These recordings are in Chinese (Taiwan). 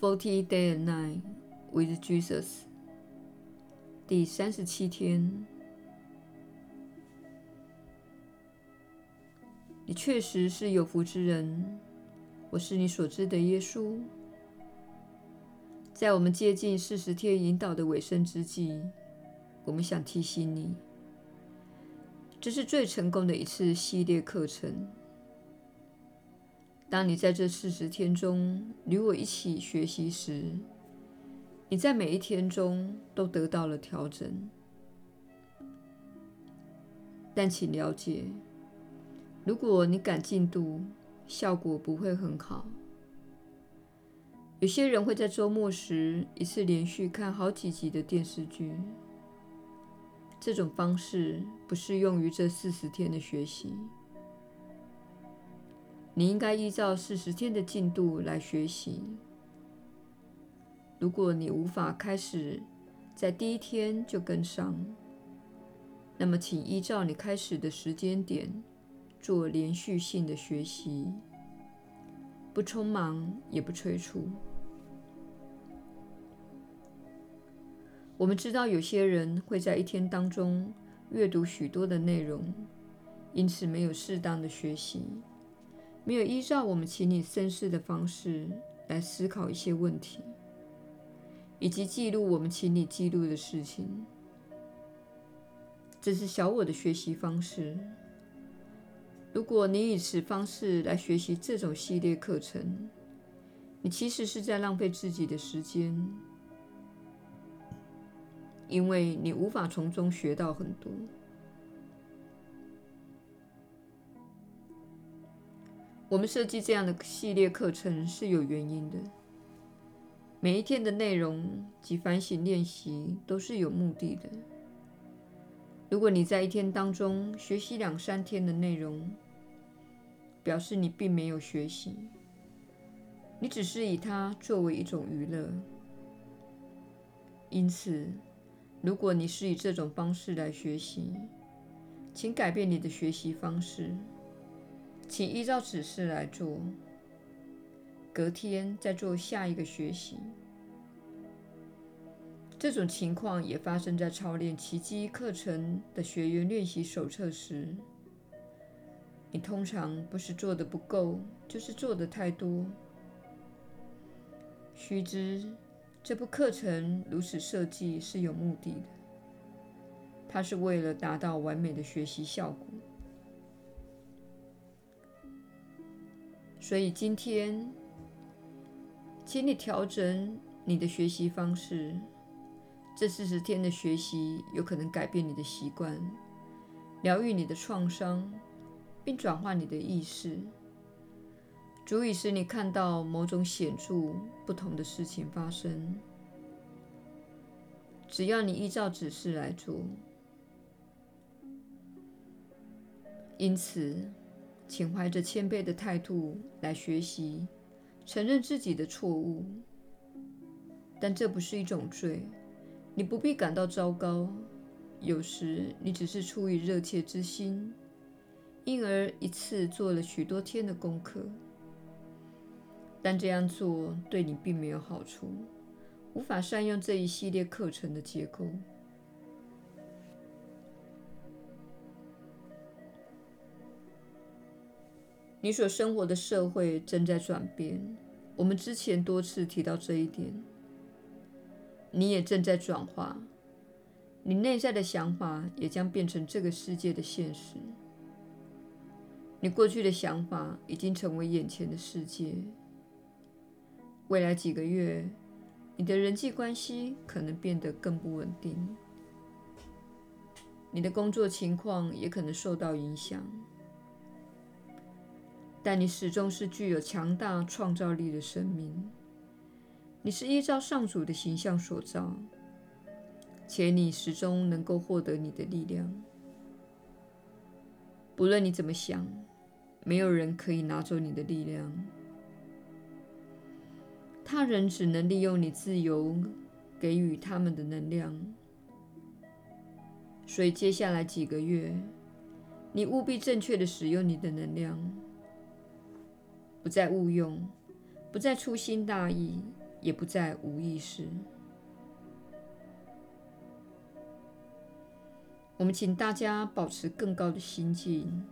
Forty Day and Night with Jesus。第三十七天，你確實是有福之人。我是你所知的耶穌。在我們接近四十天引導的尾聲之際，我們想提醒你，這是最成功的一次系列課程。當你在這四十天中與我一起學習時，你在每一天中都得到了調整。但請了解，如果你趕進度，效果不會很好。有些人會在周末時一次連續看好幾集的電視劇，這種方式不適用於這四十天的學習。你應該依照四十天的進度來學習。如果你無法開始在第一天就跟上，那麼請依照你開始的時間點做連續性的學習，不匆忙也不催促。我們知道有些人會在一天當中閱讀許多的內容，因此沒有適當的學習。沒有依照我們請你深思的方式來思考一些問題，以及記錄我們請你記錄的事情，這是小我的學習方式。如果你以此方式來學習這種系列課程，你其實是在浪費自己的時間，因為你無法從中學到很多。我們設計這樣的系列課程是有原因的。每一天的內容及反省練習都是有目的的。如果你在一天當中學習兩三天的內容，表示你並沒有學習，你只是以它作為一種娛樂。因此，如果你是以這種方式來學習，請改變你的學習方式。請依照指示來做，隔天再做下一個學習。這種情況也發生在操練奇蹟課程的學員練習手冊時。你通常不是做的不夠，就是做的太多。須知，這部課程如此設計是有目的的，它是為了達到完美的學習效果。所以今天，請你調整你的學習方式。這四十天的學習有可能改變你的習慣，療癒你的創傷，並轉化你的意識，足以使你看到某種顯著不同的事情發生。只要你依照指示來做，因此。請懷着謙卑的態度來學習，承認自己的錯誤。但這不是一種罪，你不必感到糟糕。有時你只是出於熱切之心，因而一次做了許多天的功課。但這樣做對你並沒有好處，無法善用這一系列課程的結構。你所生活的社會正在轉變，我們之前多次提到這一點。你也正在轉化，你內在的想法也將變成這個世界的現實。你過去的想法已經成為眼前的世界。未來幾個月，你的人際關係可能變得更不穩定，你的工作情況也可能受到影響。但你始終是具有強大創造力的生命。你是依照上主的形象所造，且你始終能夠獲得你的力量。不論你怎麼想，沒有人可以拿走你的力量。他人只能利用你自由給予他們的能量。所以，接下來幾個月，你務必正確地使用你的能量。不再誤用，不再粗心大意，也不再無意識。我們請大家保持更高的心境，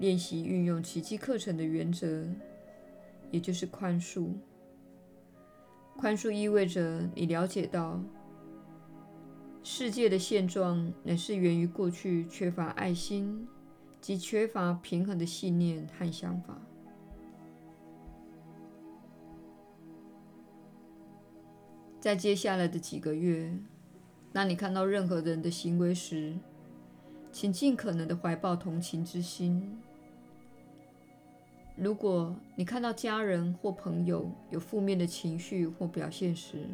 練習運用奇蹟課程的原則，也就是寬恕。寬恕意味着你了解到，世界的現狀乃是源於過去缺乏愛心及缺乏平衡的信念和想法。在接下來的幾個月，當你看到任何人的行為時，請盡可能的懷抱同情之心。如果你看到家人或朋友有負面的情緒或表現時，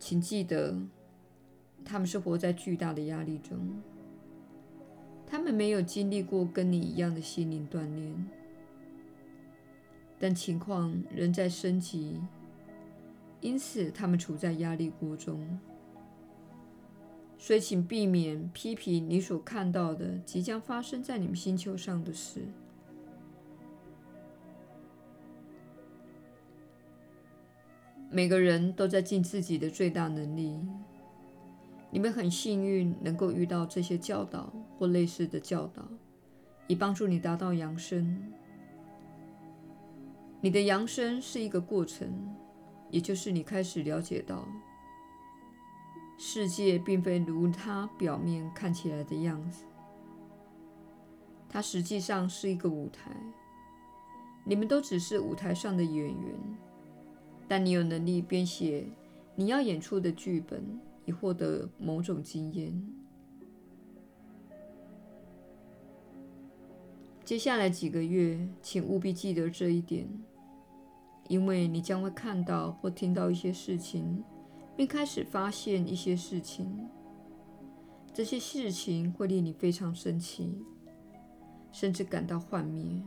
請記得，他們是活在巨大的壓力中，他們沒有經歷過跟你一樣的心靈鍛鍊，但情況仍在升級。因此，他們處在壓力鍋中。所以，請避免批評你所看到的即將發生在你們星球上的事。每個人都在盡自己的最大能力。你們很幸運能夠遇到這些教導或類似的教導，以幫助你達到揚升。你的揚升是一個過程。也就是你開始了解到，世界並非如它表面看起來的樣子，它實際上是一個舞台，你們都只是舞台上的演員，但你有能力編寫你要演出的劇本，以獲得某種經驗。接下來幾個月，請務必記得這一點。因為你將會看到或聽到一些事情，並開始發現一些事情，這些事情會令你非常生氣，甚至感到幻滅。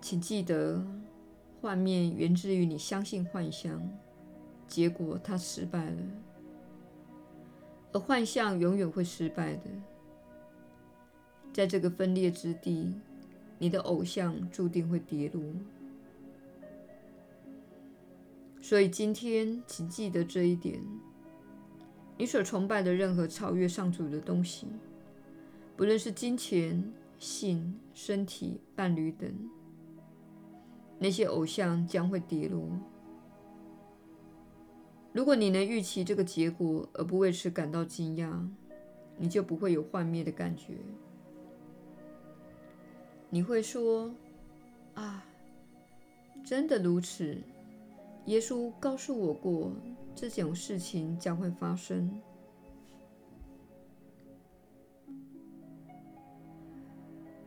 請記得，幻滅源自於你相信幻相，結果它失敗了，而幻相永遠會失敗的。在這個分裂之地，你的偶像注定會跌落，所以今天請記得這一點：你所崇拜的任何超越上主的東西，不論是金錢、性、身體、伴侶等，那些偶像將會跌落。如果你能預期這個結果而不為此感到驚訝，你就不會有幻滅的感覺。你會說：“啊，真的如此！耶穌告訴我過，這種事情將會發生。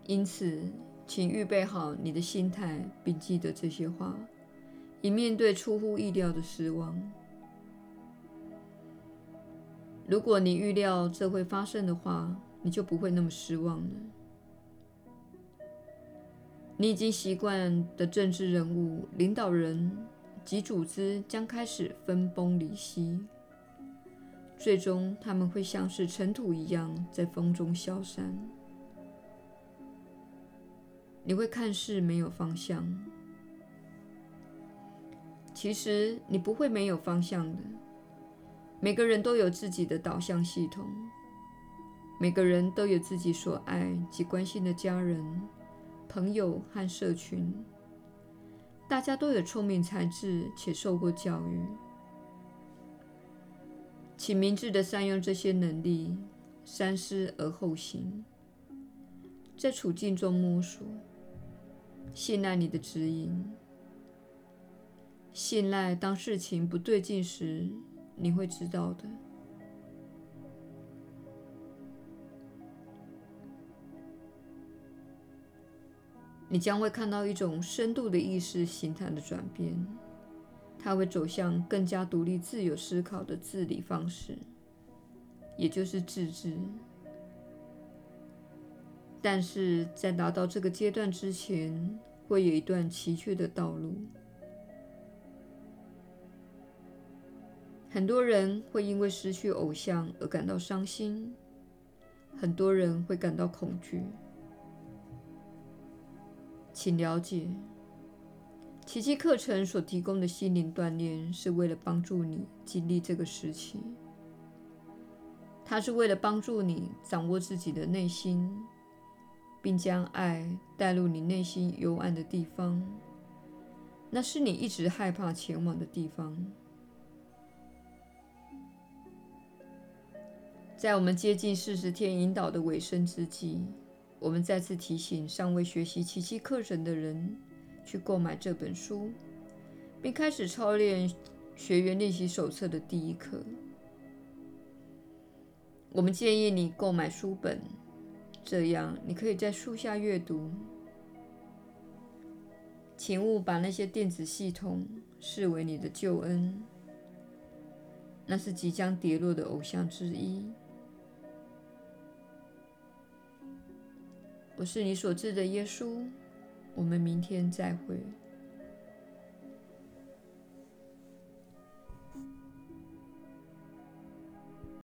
因此，請預備好你的心態，並記得這些話，以面對出乎意料的失望。如果你預料這會發生的話，你就不會那麼失望了。”你已經習慣的政治人物、領導人及組織將開始分崩離析，最終他們會像是塵土一樣在風中消散。你會看似沒有方向，其實你不會沒有方向的。每個人都有自己的導向系統，每個人都有自己所愛及關心的家人。朋友和社群，大家都有聰明才智且受過教育，請明智地善用這些能力，三思而後行，在處境中摸索，信賴你的指引，信賴當事情不對勁時，你會知道的。你將會看到一種深度的意識形態的轉變，它會走向更加獨立、自由思考的治理方式，也就是自治。但是在達到這個階段之前，會有一段崎嶇的道路。很多人會因為失去偶像而感到傷心，很多人會感到恐懼。請了解，奇蹟課程所提供的心靈鍛鍊是為了幫助你經歷這個時期。它是為了幫助你掌握自己的內心，並將愛帶入你內心幽暗的地方，那是你一直害怕前往的地方。在我們接近四十天引導的尾聲之際。我們再次提醒尚未學習奇蹟課程的人，去購買這本書，並開始操練學員練習手冊的第一課。我們建議你購買書本，這樣你可以在樹下閱讀。請勿把那些電子系統視為你的救恩，那是即將跌落的偶像之一。我是你所知的耶穌，我們明天再會。